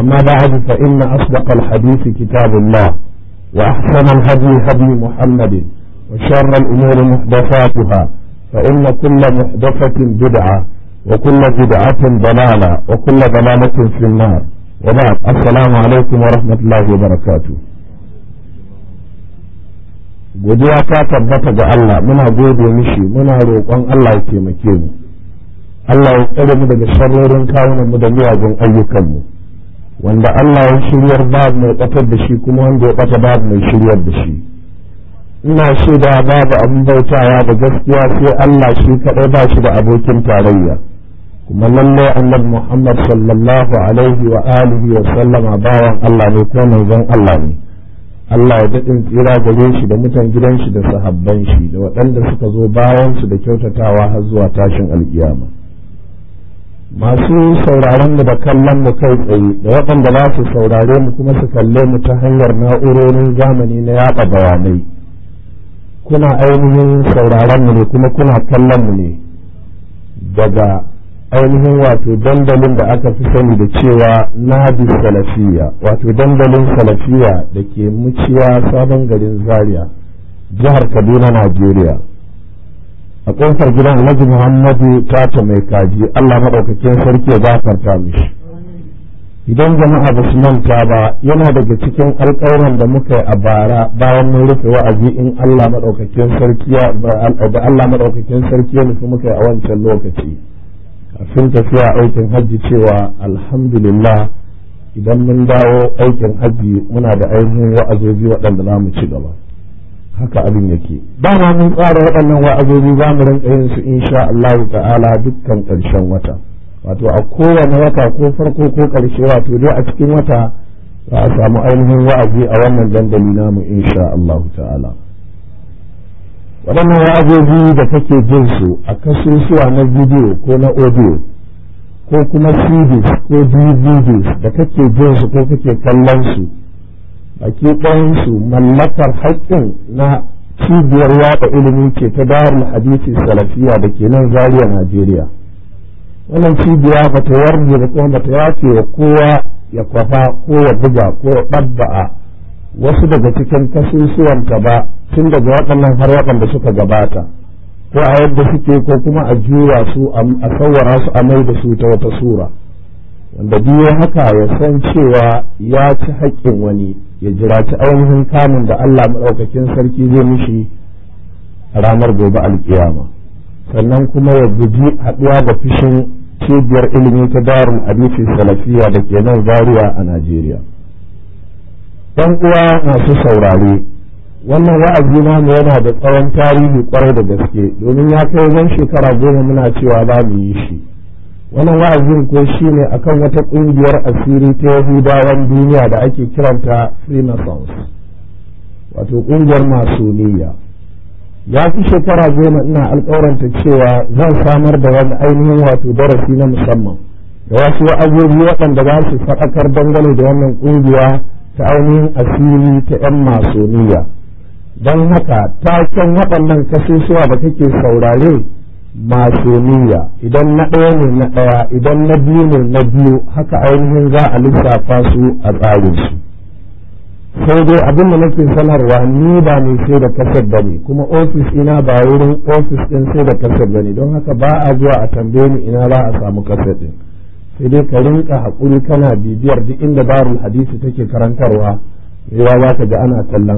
أما بعد فإن أصدق الحديث كتاب الله وأحسن الهدي هدي محمد وشر الأمور محدثاتها فإن كل محدثة بدعة وكل بدعة ضلالة وكل ضلالة في النار وبعد السلام عليكم ورحمة الله وبركاته godiya ta tabbata ga Allah muna gode mishi muna roƙon Allah ya taimake mu Allah ya tsare mu daga sharrorin kawunan mu da miyagun ayyukan mu wanda Allah ya shiryar babu mai batar da shi kuma wanda ya bata babu mai shiryar da shi ina shaida babu abin bautawa da gaskiya sai Allah shi kaɗai ba shi da abokin tarayya kuma lallai annabi Muhammad sallallahu alaihi wa alihi wa sallama bawan Allah ne kuma manzon Allah ne Allah ya daɗin tsira gare shi da mutan gidan shi da sahabban shi da waɗanda suka zo bayan su da kyautatawa har zuwa tashin alkiyama. masu sauraron mu da kallon mu kai tsaye da waɗanda za su saurare mu kuma su kalle mu ta hanyar na'urorin zamani na yaɗa bayanai kuna ainihin sauraron mu ne kuma kuna kallon mu ne daga ainihin wato dandalin da aka fi sani da cewa nadi salafiya wato dandalin salafiya da ke muciya sabon garin zaria jihar kaduna najeriya a ƙofar gidan alhaji muhammadu tata mai kaji allah maɗaukakin sarki ya gafarta mishi idan jama'a ba su manta ba yana daga cikin alƙawarin da muka yi a bara bayan mun rufe wa'azi in allah maɗaukakin sarki da allah maɗaukakin sarki ya nufi muka a wancan lokaci kafin tafiya aikin hajji cewa alhamdulillah idan mun dawo aikin hajji muna da ainihin wa'azoji waɗanda za mu ci gaba haka abin yake ma mun tsara waɗannan wa'azobi ba mu rinka yin su insha Allah ta'ala dukkan ƙarshen wata wato a kowane wata ko farko ko ƙarshe wato dai a cikin wata za a samu ainihin wa'azi a wannan dandali namu insha Allah ta'ala waɗannan wa'azobi da kake jin su a kasusuwa na bidiyo ko na audio ko kuma CDs ko DVDs da kake jin su ko kake kallon su hakikan su mallakar haƙƙin na cibiyar yada ilimi ce ta darul hadisi salafiya da ke nan zariya najeriya wannan cibiya ba ta warje ba kuma ba ta yace wa kowa ya kwafa ko ya buga ko ya wasu daga cikin kasusuwanta ba tun daga waɗannan har waɗanda suka gabata ko a yadda suke ko kuma a juya su a sawara su a mai da su ta wata sura wanda biyu haka ya san cewa ya ci haƙƙin wani ya jiraci ainihin kamun da Allah maɗaukakin sarki zai mishi a ranar gobe alkiyama sannan kuma ya guji haɗuwa da fushin cibiyar ilimi ta darul hadisi salafiya da ke nan zaria a Najeriya. Dan uwa masu saurare wannan wa'azi namu yana da tsawon tarihi kwarai da gaske domin ya kai zan shekara goma muna cewa za mu yi shi. wannan wa'azin ko shi ne kan wata ƙungiyar asiri ta yahudawan duniya da ake kiranta freemasons wato ƙungiyar masoniya ya fi shekara goma ina alƙawaranta cewa zan samar da wani ainihin wato darasi na musamman da wasu wa'azobi waɗanda za su faɗakar dangane da wannan ƙungiya ta ainihin asiri ta 'yan masoniya don haka taken waɗannan kasusuwa da kake saurare masoniya idan na ɗaya ne na ɗaya idan na biyu ne na biyu haka ainihin za a lissafa su a tsarin su sai dai abin da nake sanarwa ni ba ne sai da kasar ne kuma ofis ina ba wurin ofis ɗin sai da kasar ne don haka ba a zuwa a tambaye ni ina za a samu kasar ɗin sai dai ka rinka haƙuri kana bibiyar duk inda barul hadisi take karantarwa yawa za ka ji ana kallon